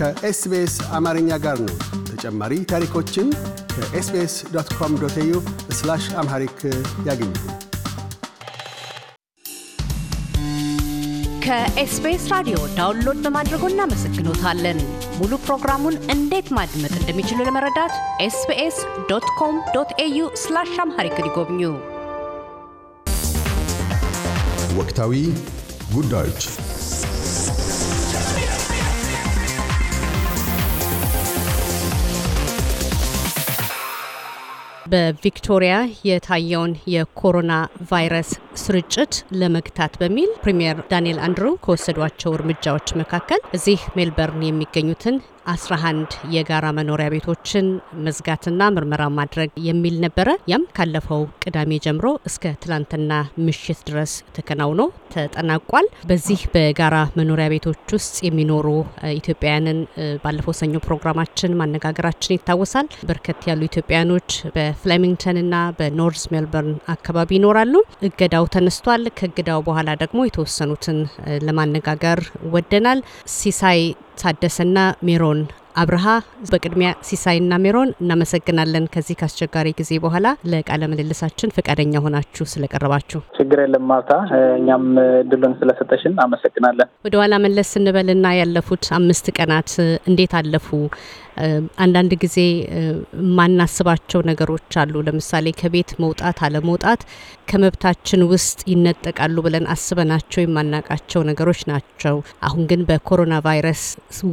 ከኤስቢኤስ አማርኛ ጋር ነው። ተጨማሪ ታሪኮችን ከኤስቢኤስ ዶት ኮም ዶት ዩ ስላሽ አምሃሪክ ያገኙ። ከኤስቢኤስ ራዲዮ ዳውንሎድ በማድረጎ እናመሰግኖታለን። ሙሉ ፕሮግራሙን እንዴት ማድመጥ እንደሚችሉ ለመረዳት ኤስቢኤስ ዶት ኮም ዶት ኤዩ ስላሽ አምሃሪክ ይጎብኙ። ወቅታዊ ጉዳዮች በቪክቶሪያ የታየውን የኮሮና ቫይረስ ስርጭት ለመግታት በሚል ፕሪምየር ዳንኤል አንድሩ ከወሰዷቸው እርምጃዎች መካከል እዚህ ሜልበርን የሚገኙትን 11 የጋራ መኖሪያ ቤቶችን መዝጋትና ምርመራ ማድረግ የሚል ነበረ። ያም ካለፈው ቅዳሜ ጀምሮ እስከ ትላንትና ምሽት ድረስ ተከናውኖ ተጠናቋል። በዚህ በጋራ መኖሪያ ቤቶች ውስጥ የሚኖሩ ኢትዮጵያውያንን ባለፈው ሰኞ ፕሮግራማችን ማነጋገራችን ይታወሳል። በርከት ያሉ ኢትዮጵያውያኖች በፍላሚንግተንና በኖርዝ ሜልበርን አካባቢ ይኖራሉ። እገዳው ተነስቷል። ከእገዳው በኋላ ደግሞ የተወሰኑትን ለማነጋገር ወደናል። ሲሳይ ታደሰና ሜሮን አብርሃ በቅድሚያ ሲሳይና ሜሮን እናመሰግናለን። ከዚህ ከአስቸጋሪ ጊዜ በኋላ ለቃለ ምልልሳችን ፈቃደኛ ሆናችሁ ስለቀረባችሁ። ችግር የለም ማርታ፣ እኛም ድሉን ስለሰጠሽን አመሰግናለን። ወደ ኋላ መለስ ስንበልና ያለፉት አምስት ቀናት እንዴት አለፉ? አንዳንድ ጊዜ የማናስባቸው ነገሮች አሉ። ለምሳሌ ከቤት መውጣት አለመውጣት ከመብታችን ውስጥ ይነጠቃሉ ብለን አስበናቸው የማናቃቸው ነገሮች ናቸው። አሁን ግን በኮሮና ቫይረስ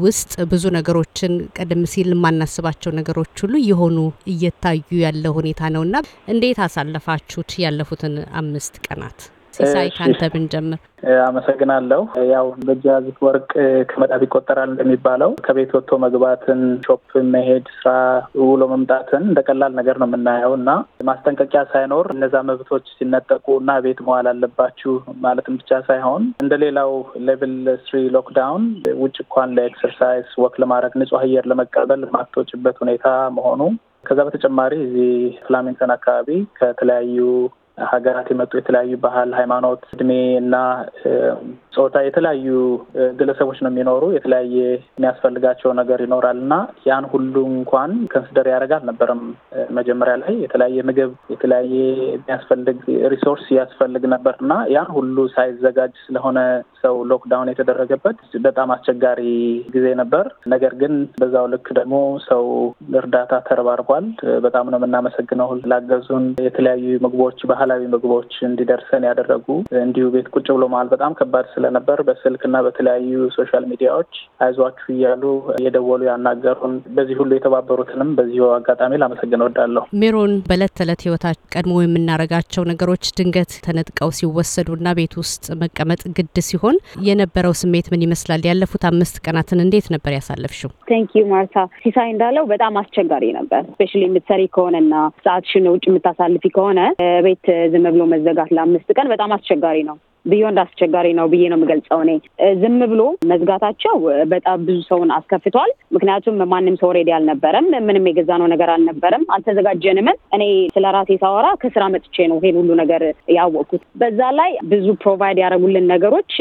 ውስጥ ብዙ ነገሮችን ቀደም ሲል የማናስባቸው ነገሮች ሁሉ የሆኑ እየታዩ ያለ ሁኔታ ነውና እንዴት አሳለፋችሁት ያለፉትን አምስት ቀናት? ሲሳይ ካንተ ብንጀምር። አመሰግናለሁ። ያው በጃዝ ወርቅ ከመጣት ይቆጠራል እንደሚባለው ከቤት ወጥቶ መግባትን፣ ሾፕ መሄድ፣ ስራ ውሎ መምጣትን እንደ ቀላል ነገር ነው የምናየው እና ማስጠንቀቂያ ሳይኖር እነዛ መብቶች ሲነጠቁ እና ቤት መዋል አለባችሁ ማለትም ብቻ ሳይሆን እንደ ሌላው ሌቭል ስሪ ሎክዳውን ውጭ እንኳን ለኤክሰርሳይዝ ወክ ለማድረግ ንጹህ አየር ለመቀበል ማቶችበት ሁኔታ መሆኑ ከዛ በተጨማሪ እዚህ ፍላሚንግተን አካባቢ ከተለያዩ ሀገራት የመጡ የተለያዩ ባህል፣ ሃይማኖት፣ እድሜ እና ጾታ የተለያዩ ግለሰቦች ነው የሚኖሩ የተለያየ የሚያስፈልጋቸው ነገር ይኖራል እና ያን ሁሉ እንኳን ከንስደር ያደረግ አልነበረም። መጀመሪያ ላይ የተለያየ ምግብ የተለያየ የሚያስፈልግ ሪሶርስ ያስፈልግ ነበር እና ያን ሁሉ ሳይዘጋጅ ስለሆነ ሰው ሎክዳውን የተደረገበት በጣም አስቸጋሪ ጊዜ ነበር። ነገር ግን በዛው ልክ ደግሞ ሰው እርዳታ ተረባርቧል። በጣም ነው የምናመሰግነው ላገዙን። የተለያዩ ምግቦች፣ ባህላዊ ምግቦች እንዲደርሰን ያደረጉ እንዲሁ ቤት ቁጭ ብሎ መዋል በጣም ከባድ ስለ ስለነበር በስልክና በተለያዩ ሶሻል ሚዲያዎች አይዟችሁ እያሉ እየደወሉ ያናገሩን በዚህ ሁሉ የተባበሩትንም በዚሁ አጋጣሚ ላመሰግን ወዳለሁ። ሜሮን በእለት ተዕለት ህይወታች ቀድሞ የምናደርጋቸው ነገሮች ድንገት ተነጥቀው ሲወሰዱና ቤት ውስጥ መቀመጥ ግድ ሲሆን የነበረው ስሜት ምን ይመስላል? ያለፉት አምስት ቀናትን እንዴት ነበር ያሳለፍሽው? ቴንክ ዩ ማርታ። ሲሳይ እንዳለው በጣም አስቸጋሪ ነበር። ስፔሻሊ የምትሰሪ ከሆነና ሰዓትሽን ውጭ የምታሳልፊ ከሆነ ቤት ዝም ብሎ መዘጋት ለአምስት ቀን በጣም አስቸጋሪ ነው። ቢዮንድ አስቸጋሪ ነው ብዬ ነው የምገልጸው። እኔ ዝም ብሎ መዝጋታቸው በጣም ብዙ ሰውን አስከፍቷል። ምክንያቱም ማንም ሰው ሬዲ አልነበረም፣ ምንም የገዛነው ነገር አልነበረም፣ አልተዘጋጀንም። እኔ ስለ ራሴ ሳወራ ከስራ መጥቼ ነው ይሄን ሁሉ ነገር ያወቅኩት። በዛ ላይ ብዙ ፕሮቫይድ ያደረጉልን ነገሮች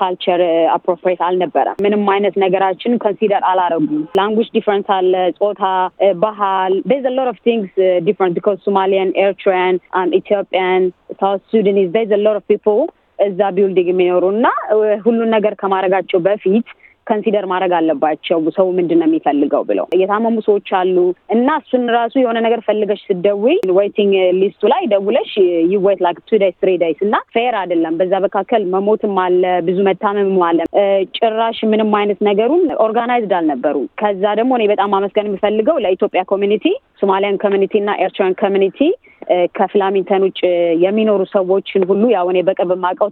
ካልቸር አፕሮፕሬት አልነበረም። ምንም አይነት ነገራችን ኮንሲደር አላረጉም። ላንጉጅ ዲፍረንስ አለ፣ ጾታ፣ ባህል ዴዝ ሎት ኦፍ ቲንግስ ዲፍረንት ቢካዝ ሶማሊያን፣ ኤርትራያን፣ ኢትዮጵያን፣ ሳውት ሱዳኒዝ ዴዝ ሎት ኦፍ ፒፕል እዛ ቢውልዲንግ የሚኖሩ እና ሁሉን ነገር ከማድረጋቸው በፊት ከንሲደር ማድረግ አለባቸው። ሰው ምንድን ነው የሚፈልገው ብለው የታመሙ ሰዎች አሉ እና እሱን ራሱ የሆነ ነገር ፈልገሽ ስደዊ ዌይቲንግ ሊስቱ ላይ ደውለሽ ይወት ላይክ ቱ ዳይስ ትሪ ዳይስ እና ፌር አይደለም። በዛ መካከል መሞትም አለ፣ ብዙ መታመምም አለ። ጭራሽ ምንም አይነት ነገሩን ኦርጋናይዝድ አልነበሩ። ከዛ ደግሞ እኔ በጣም አመስገን የምፈልገው ለኢትዮጵያ ኮሚኒቲ፣ ሶማሊያን ኮሚኒቲ እና ኤርትራን ኮሚኒቲ ከፍላሚንተን ውጭ የሚኖሩ ሰዎችን ሁሉ ያው እኔ በቅርብ የማውቀው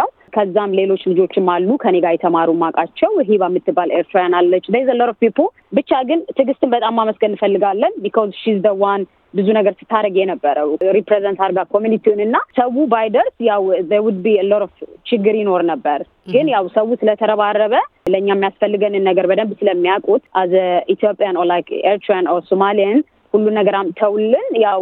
ነው ከዛም ሌሎች ልጆችም አሉ ከኔ ጋር የተማሩ ማቃቸው ሂባ የምትባል ኤርትራውያን አለች ሎት ፒፖ ብቻ ግን ትግስትን በጣም ማመስገን እንፈልጋለን ቢኮዝ ሺዝ ደ ዋን ብዙ ነገር ስታደረግ የነበረው ሪፕሬዘንት አርጋ ኮሚኒቲውን እና ሰው ባይደርስ ያው ዘውድ ቢ ሎት ኦፍ ችግር ይኖር ነበር። ግን ያው ሰው ስለተረባረበ ለእኛ የሚያስፈልገንን ነገር በደንብ ስለሚያውቁት አዘ ኢትዮጵያን ኦር ላይክ ኤርትራን ኦር ሶማሊያን ሁሉ ነገር አምተውልን ያው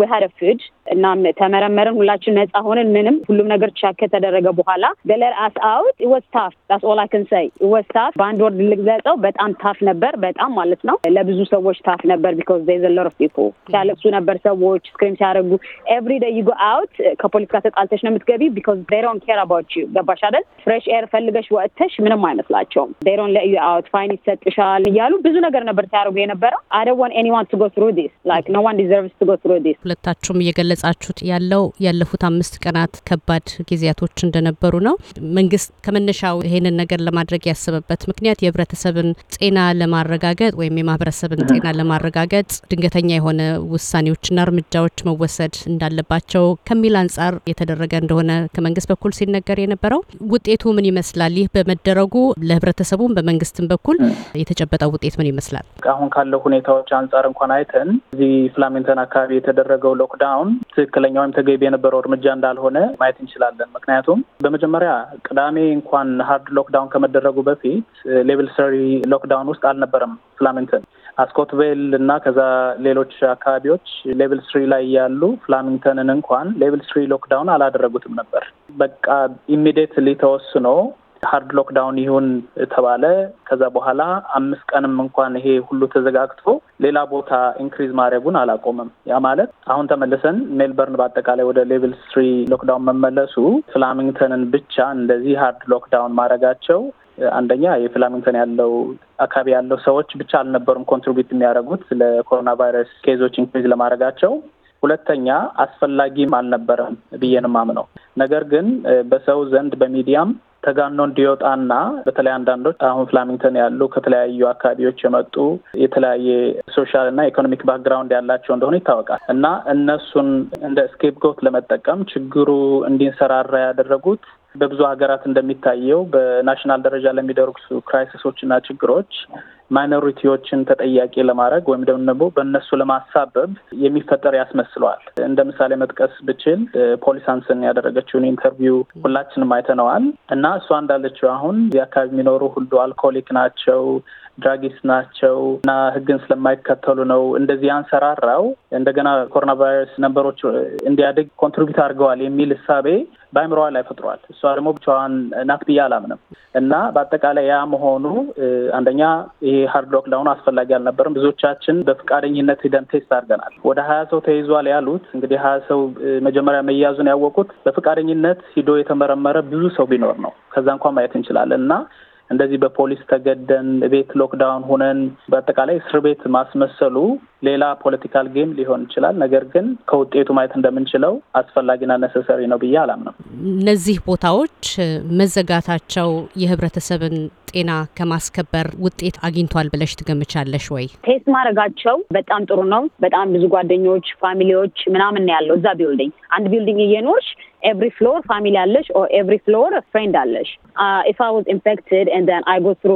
ዊ ሀድ ፉድ እና ተመረመርን፣ ሁላችን ነጻ ሆንን። ምንም ሁሉም ነገር ቻክ ከተደረገ በኋላ ደለር አስ አውት ወስ ታፍ ዳስ ኦል አይ ከን ሰይ ወስ ታፍ በአንድ ወርድ ልግለጸው፣ በጣም ታፍ ነበር። በጣም ማለት ነው ለብዙ ሰዎች ታፍ ነበር። ቢካዝ ዜር ኢዝ አ ሎት ኦፍ ፒፕል ሲያለቅሱ ነበር ሰዎች ስክሪም ሲያደርጉ። ኤቭሪ ዴይ ዩ ጎ አውት ከፖሊስ ጋር ተጣልተሽ ነው የምትገቢ። ቢካዝ ዜይ ዶንት ኬር አባውት ዩ ገባሽ አይደል? ፍሬሽ ኤር ፈልገሽ ወጥተሽ ምንም አይመስላቸውም። ዜይ ዶንት ሌት ዩ አውት ፋይን ይሰጥሻል እያሉ ብዙ ነገር ነበር ሲያደርጉ የነበረው። አይ ዶንት ዋንት ኤኒዋን ቱ ጎ ትሩ ዲስ ላይክ ኖ ዋን ዲዘርቭስ ቱ ጎ ትሩ ዲስ ሁለታችሁም እየገለጽ እየገለጻችሁት ያለው ያለፉት አምስት ቀናት ከባድ ጊዜያቶች እንደነበሩ ነው። መንግስት ከመነሻው ይሄንን ነገር ለማድረግ ያሰበበት ምክንያት የህብረተሰብን ጤና ለማረጋገጥ ወይም የማህበረሰብን ጤና ለማረጋገጥ ድንገተኛ የሆነ ውሳኔዎችና እርምጃዎች መወሰድ እንዳለባቸው ከሚል አንጻር የተደረገ እንደሆነ ከመንግስት በኩል ሲነገር የነበረው ውጤቱ ምን ይመስላል? ይህ በመደረጉ ለህብረተሰቡም በመንግስትም በኩል የተጨበጠው ውጤት ምን ይመስላል? አሁን ካለው ሁኔታዎች አንጻር እንኳን አይተን እዚህ ፍላሜንተን አካባቢ የተደረገው ሎክዳውን ትክክለኛ ወይም ተገቢ የነበረው እርምጃ እንዳልሆነ ማየት እንችላለን። ምክንያቱም በመጀመሪያ ቅዳሜ እንኳን ሀርድ ሎክዳውን ከመደረጉ በፊት ሌቭል ስሪ ሎክዳውን ውስጥ አልነበረም ፍላሚንግተን አስኮትቬል እና ከዛ ሌሎች አካባቢዎች ሌቭል ስሪ ላይ ያሉ ፍላሚንግተንን እንኳን ሌቭል ስሪ ሎክዳውን አላደረጉትም ነበር። በቃ ኢሚዲየትሊ ተወስኖ ሀርድ ሎክዳውን ይሁን ተባለ። ከዛ በኋላ አምስት ቀንም እንኳን ይሄ ሁሉ ተዘጋግቶ ሌላ ቦታ ኢንክሪዝ ማድረጉን አላቆመም። ያ ማለት አሁን ተመልሰን ሜልበርን በአጠቃላይ ወደ ሌቭል ስሪ ሎክዳውን መመለሱ ፍላሚንግተንን ብቻ እንደዚህ ሀርድ ሎክዳውን ማድረጋቸው አንደኛ የፍላሚንግተን ያለው አካባቢ ያለው ሰዎች ብቻ አልነበሩም ኮንትሪቢዩት የሚያደርጉት ለኮሮና ቫይረስ ኬዞች ኢንክሪዝ ለማድረጋቸው ሁለተኛ አስፈላጊም አልነበረም ብዬ አምነው። ነገር ግን በሰው ዘንድ በሚዲያም ተጋኖ እንዲወጣና በተለይ አንዳንዶች አሁን ፍላሚንግተን ያሉ ከተለያዩ አካባቢዎች የመጡ የተለያየ ሶሻል እና ኢኮኖሚክ ባክግራውንድ ያላቸው እንደሆነ ይታወቃል እና እነሱን እንደ ስኬፕጎት ለመጠቀም ችግሩ እንዲንሰራራ ያደረጉት በብዙ ሀገራት እንደሚታየው በናሽናል ደረጃ ለሚደርሱ ክራይሲሶች እና ችግሮች ማይኖሪቲዎችን ተጠያቂ ለማድረግ ወይም ደግሞ በእነሱ ለማሳበብ የሚፈጠር ያስመስለዋል። እንደ ምሳሌ መጥቀስ ብችል ፖሊሳንስን ያደረገችውን ኢንተርቪው ሁላችንም አይተነዋል እና እሷ እንዳለችው አሁን አካባቢ የሚኖሩ ሁሉ አልኮሊክ ናቸው ድራጊስ ናቸው እና ህግን ስለማይከተሉ ነው እንደዚህ አንሰራራው እንደገና ኮሮና ቫይረስ ነንበሮች እንዲያድግ ኮንትሪቢዩት አድርገዋል የሚል እሳቤ በአይምሮዋ ላይ ፈጥሯል። እሷ ደግሞ ብቻዋን ናት ብዬ አላምንም እና በአጠቃላይ ያ መሆኑ አንደኛ ይሄ የሀርድ ሎክዳውን አስፈላጊ አልነበርም። ብዙዎቻችን በፍቃደኝነት ሂደን ቴስት አድርገናል። ወደ ሀያ ሰው ተይዟል ያሉት እንግዲህ ሀያ ሰው መጀመሪያ መያዙን ያወቁት በፍቃደኝነት ሂዶ የተመረመረ ብዙ ሰው ቢኖር ነው። ከዛ እንኳን ማየት እንችላለን እና እንደዚህ በፖሊስ ተገደን ቤት ሎክዳውን ሆነን በአጠቃላይ እስር ቤት ማስመሰሉ ሌላ ፖለቲካል ጌም ሊሆን ይችላል። ነገር ግን ከውጤቱ ማየት እንደምንችለው አስፈላጊና ነሰሰሪ ነው ብዬ አላምነው። እነዚህ ቦታዎች መዘጋታቸው የህብረተሰብን ጤና ከማስከበር ውጤት አግኝቷል ብለሽ ትገምቻለሽ ወይ? ቴስት ማድረጋቸው በጣም ጥሩ ነው። በጣም ብዙ ጓደኞች፣ ፋሚሊዎች ምናምን ያለው እዛ ቢልዲንግ። አንድ ቢልዲንግ እየኖርሽ ኤቭሪ ፍሎር ፋሚሊ አለሽ ኦር ኤቭሪ ፍሎር ፍሬንድ አለሽ። ኢፍ አይ ዋዝ ኢንፌክትድ ኤንድ ዘን አይ ጎ ትሩ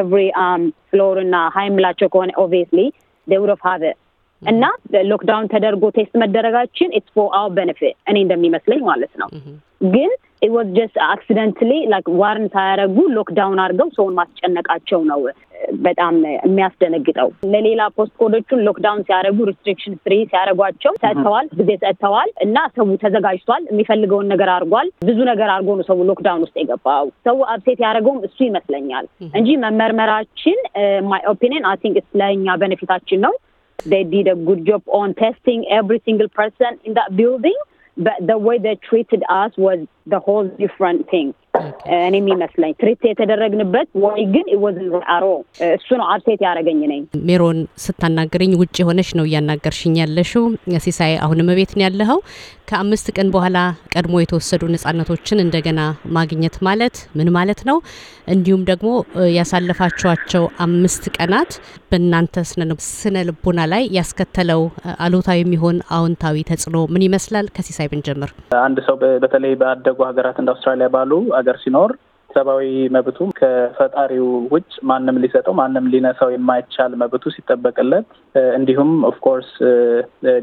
ኤቭሪ ፍሎር እና ሀይ ምላቸው ከሆነ ኦብቪየስሊ ዴይ ውድ ሃቭ እና ሎክዳውን ተደርጎ ቴስት መደረጋችን ኢትስ ፎር አወር ቤኔፊት እኔ እንደሚመስለኝ ማለት ነው። ግን ኢት ዋዝ ጀስት አክሲደንትሊ ላይክ ዋርን ሳያደርጉ ሎክዳውን አድርገው ሰውን ማስጨነቃቸው ነው በጣም የሚያስደነግጠው። ለሌላ ፖስት ኮዶቹን ሎክዳውን ሲያደርጉ ሪስትሪክሽን ፍሪ ሲያደርጓቸው ሰጥተዋል፣ ጊዜ ሰጥተዋል እና ሰው ተዘጋጅቷል፣ የሚፈልገውን ነገር አድርጓል። ብዙ ነገር አድርጎ ነው ሰው ሎክዳውን ውስጥ የገባው። ሰው አብሴት ያደረገውም እሱ ይመስለኛል እንጂ መመርመራችን ማይ ኦፒኒን አይ ቲንክ ስለኛ በነፊታችን ነው They did a good job on testing every single person in that building, but the way they treated us was the whole different thing እኔ የሚመስለኝ ትሪት የተደረግንበት ወይ ግን ወዝ አሮ እሱ ነው አብሴት ያደረገኝ ነኝ ሜሮን ስታናገረኝ ውጭ የሆነች ነው እያናገርሽኝ ያለሽው ሲሳይ አሁንም ቤት ነው ያለኸው ከአምስት ቀን በኋላ ቀድሞ የተወሰዱ ነጻነቶችን እንደገና ማግኘት ማለት ምን ማለት ነው? እንዲሁም ደግሞ ያሳለፋችኋቸው አምስት ቀናት በእናንተ ስነ ልቦና ላይ ያስከተለው አሉታዊ የሚሆን አዎንታዊ ተጽዕኖ ምን ይመስላል? ከሲሳይ ብንጀምር። አንድ ሰው በተለይ በአደጉ ሀገራት እንደ አውስትራሊያ ባሉ ሀገር ሲኖር ሰብአዊ መብቱ ከፈጣሪው ውጭ ማንም ሊሰጠው ማንም ሊነሳው የማይቻል መብቱ ሲጠበቅለት፣ እንዲሁም ኦፍኮርስ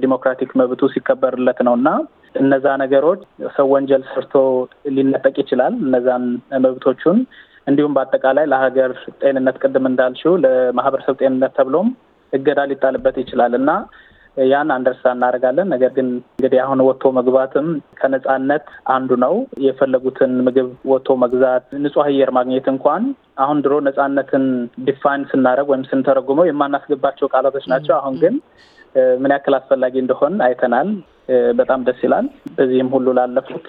ዲሞክራቲክ መብቱ ሲከበርለት ነው እና እነዛ ነገሮች ሰው ወንጀል ሰርቶ ሊነጠቅ ይችላል እነዛን መብቶቹን እንዲሁም በአጠቃላይ ለሀገር ጤንነት ቅድም እንዳልሽው ለማህበረሰብ ጤንነት ተብሎም እገዳ ሊጣልበት ይችላል እና ያን አንደርስታንድ እናደርጋለን። ነገር ግን እንግዲህ አሁን ወጥቶ መግባትም ከነጻነት አንዱ ነው። የፈለጉትን ምግብ ወጥቶ መግዛት፣ ንጹህ አየር ማግኘት እንኳን አሁን ድሮ ነጻነትን ዲፋይን ስናደርግ ወይም ስንተረጉመው የማናስገባቸው ቃላቶች ናቸው። አሁን ግን ምን ያክል አስፈላጊ እንደሆን አይተናል። በጣም ደስ ይላል። በዚህም ሁሉ ላለፉት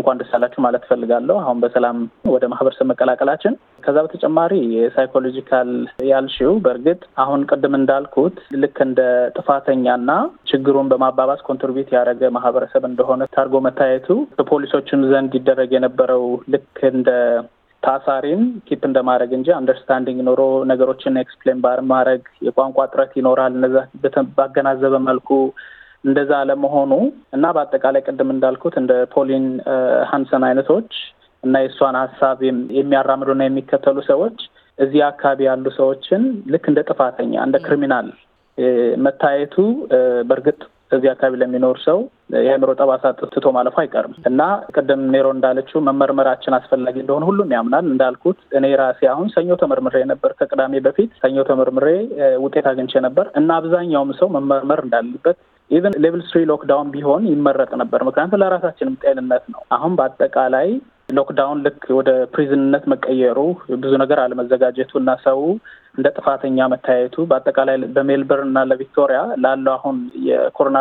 እንኳን ደስ ያላችሁ ማለት እፈልጋለሁ። አሁን በሰላም ወደ ማህበረሰብ መቀላቀላችን። ከዛ በተጨማሪ ሳይኮሎጂካል ያልሽው በእርግጥ አሁን ቅድም እንዳልኩት ልክ እንደ ጥፋተኛና ችግሩን በማባባስ ኮንትሪቢዩት ያደረገ ማህበረሰብ እንደሆነ ታርጎ መታየቱ በፖሊሶችም ዘንድ ይደረግ የነበረው ልክ እንደ ታሳሪን ኪፕ እንደማድረግ እንጂ አንደርስታንዲንግ ኖሮ ነገሮችን ኤክስፕሌን ባር ማድረግ የቋንቋ ጥረት ይኖራል። እነዛ ባገናዘበ መልኩ እንደዛ አለመሆኑ እና በአጠቃላይ ቅድም እንዳልኩት እንደ ፖሊን ሀንሰን አይነቶች እና የእሷን ሀሳብ የሚያራምዱና የሚከተሉ ሰዎች እዚህ አካባቢ ያሉ ሰዎችን ልክ እንደ ጥፋተኛ እንደ ክሪሚናል መታየቱ በእርግጥ እዚህ አካባቢ ለሚኖር ሰው የአእምሮ ጠባሳ ትቶ ማለፉ አይቀርም እና ቅድም ሜሮ እንዳለችው መመርመራችን አስፈላጊ እንደሆነ ሁሉም ያምናል። እንዳልኩት እኔ ራሴ አሁን ሰኞ ተመርምሬ ነበር። ከቅዳሜ በፊት ሰኞ ተመርምሬ ውጤት አግኝቼ ነበር እና አብዛኛውም ሰው መመርመር እንዳለበት ኢቨን ሌቭል ስሪ ሎክዳውን ቢሆን ይመረጥ ነበር። ምክንያቱም ለራሳችንም ጤንነት ነው። አሁን በአጠቃላይ ሎክዳውን ልክ ወደ ፕሪዝንነት መቀየሩ፣ ብዙ ነገር አለመዘጋጀቱ እና ሰው እንደ ጥፋተኛ መታየቱ በአጠቃላይ በሜልበርን እና ለቪክቶሪያ ላለው አሁን የኮሮና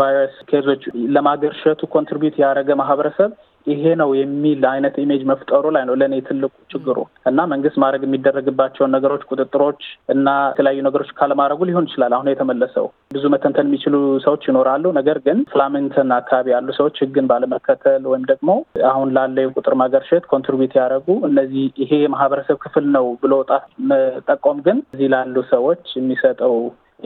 ቫይረስ ኬዞች ለማገርሸቱ ኮንትሪቢዩት ያደረገ ማህበረሰብ ይሄ ነው የሚል አይነት ኢሜጅ መፍጠሩ ላይ ነው ለእኔ ትልቁ ችግሩ እና መንግስት ማድረግ የሚደረግባቸውን ነገሮች ቁጥጥሮች እና የተለያዩ ነገሮች ካለማድረጉ ሊሆን ይችላል። አሁን የተመለሰው ብዙ መተንተን የሚችሉ ሰዎች ይኖራሉ። ነገር ግን ፍላሜንተን አካባቢ ያሉ ሰዎች ህግን ባለመከተል ወይም ደግሞ አሁን ላለ የቁጥር ማገርሸት ኮንትሪቢዩት ያደረጉ እነዚህ ይሄ የማህበረሰብ ክፍል ነው ብሎ ጣት መጠቆም ግን እዚህ ላሉ ሰዎች የሚሰጠው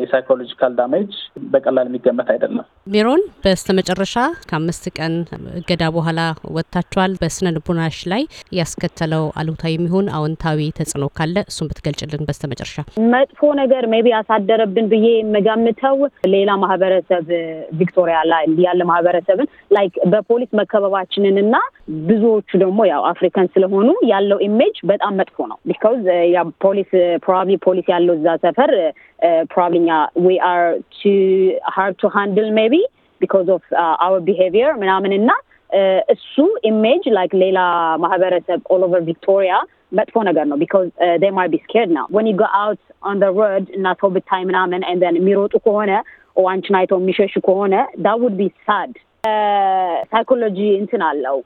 የሳይኮሎጂካል ዳሜጅ በቀላል የሚገመት አይደለም። ሜሮን፣ በስተመጨረሻ ከአምስት ቀን እገዳ በኋላ ወጥታችኋል። በስነ ልቡናሽ ላይ ያስከተለው አሉታዊ የሚሆን አዎንታዊ ተጽዕኖ ካለ እሱን ብትገልጭልን። መጨረሻ መጥፎ ነገር ሜቢ ያሳደረብን ብዬ የምገምተው ሌላ ማህበረሰብ ቪክቶሪያ ላይ ያለ ማህበረሰብን ላይክ በፖሊስ መከበባችንን እና ብዙዎቹ ደግሞ ያው አፍሪካን ስለሆኑ ያለው ኢሜጅ በጣም መጥፎ ነው። ቢካውዝ uh, ፖሊስ ፕሮባብሊ ፖሊስ ያለው እዛ ሰፈር uh, probably uh, we are too hard to handle maybe because of our behavior ምናምንና እሱ ኢሜጅ ላይክ ሌላ ማህበረሰብ ኦል ኦቨር ቪክቶሪያ መጥፎ ነገር ነው ቢካዝ ዴ ማይ ቢ ስኬርድ ናው ወን ዩ ጎ አውት ኦን ደ ሮድ እና ሰው ብታይ ምናምን ኤንድ ዘን የሚሮጡ ከሆነ አንቺን አይተው የሚሸሹ ከሆነ ዳ ውድ ቢ ሳድ ሳይኮሎጂ እንትን አለው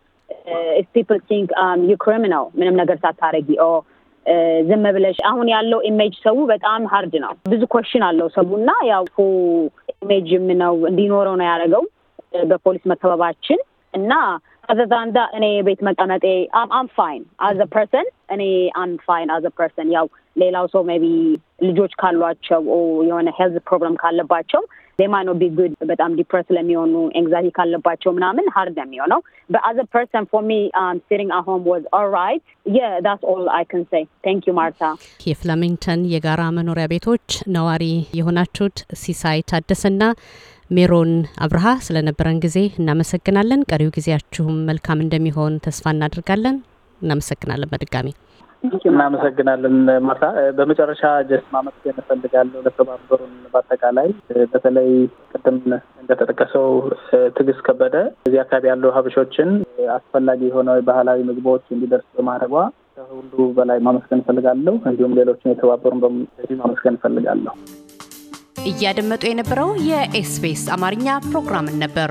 ኢፍ ፒፕል ቲንክ ዩ ክሪሚናል ምንም ነገር ሳታረጊ ዝም ብለሽ አሁን ያለው ኢሜጅ ሰው በጣም ሀርድ ነው። ብዙ ኮሽን አለው ሰው እና ያው ኢሜጅ ነው እንዲኖረው ነው ያደረገው በፖሊስ መከበባችን እና ከዘዛንዳ እኔ ቤት መቀመጤ አም ፋይን አዘ ፐርሰን እኔ አም ፋይን አዘ ፐርሰን ያው ሌላው ሰው ሜቢ ልጆች ካሏቸው የሆነ ሄልዝ ፕሮብለም ካለባቸው ዴማኖ ቢ ጉድ በጣም ዲፕረስ ለሚሆኑ ኤንግዛይቲ ካለባቸው ምናምን ሀርድ ለሚሆነው በአዘ ፐርሰን ፎር ሚ ሲሪንግ አሆም ወዝ ኦራይት ኦልራይት ዳትስ ኦል አይ ካን ሴይ ታንክ ዩ ማርታ። የፍላሚንግተን የጋራ መኖሪያ ቤቶች ነዋሪ የሆናችሁት ሲሳይ ታደሰና ሜሮን አብርሃ ስለነበረን ጊዜ እናመሰግናለን። ቀሪው ጊዜያችሁም መልካም እንደሚሆን ተስፋ እናደርጋለን። እናመሰግናለን በድጋሚ እናመሰግናለን ማርታ። በመጨረሻ ጀስት ማመስገን እፈልጋለሁ ለተባበሩን በአጠቃላይ በተለይ ቅድም እንደተጠቀሰው ትዕግስት ከበደ እዚህ አካባቢ ያሉ ሀበሾችን አስፈላጊ የሆነ ባህላዊ ምግቦች እንዲደርስ በማድረጓ ከሁሉ በላይ ማመስገን እፈልጋለሁ። እንዲሁም ሌሎችን የተባበሩን በዚህ ማመስገን እፈልጋለሁ። እያደመጡ የነበረው የኤስቢኤስ አማርኛ ፕሮግራምን ነበር።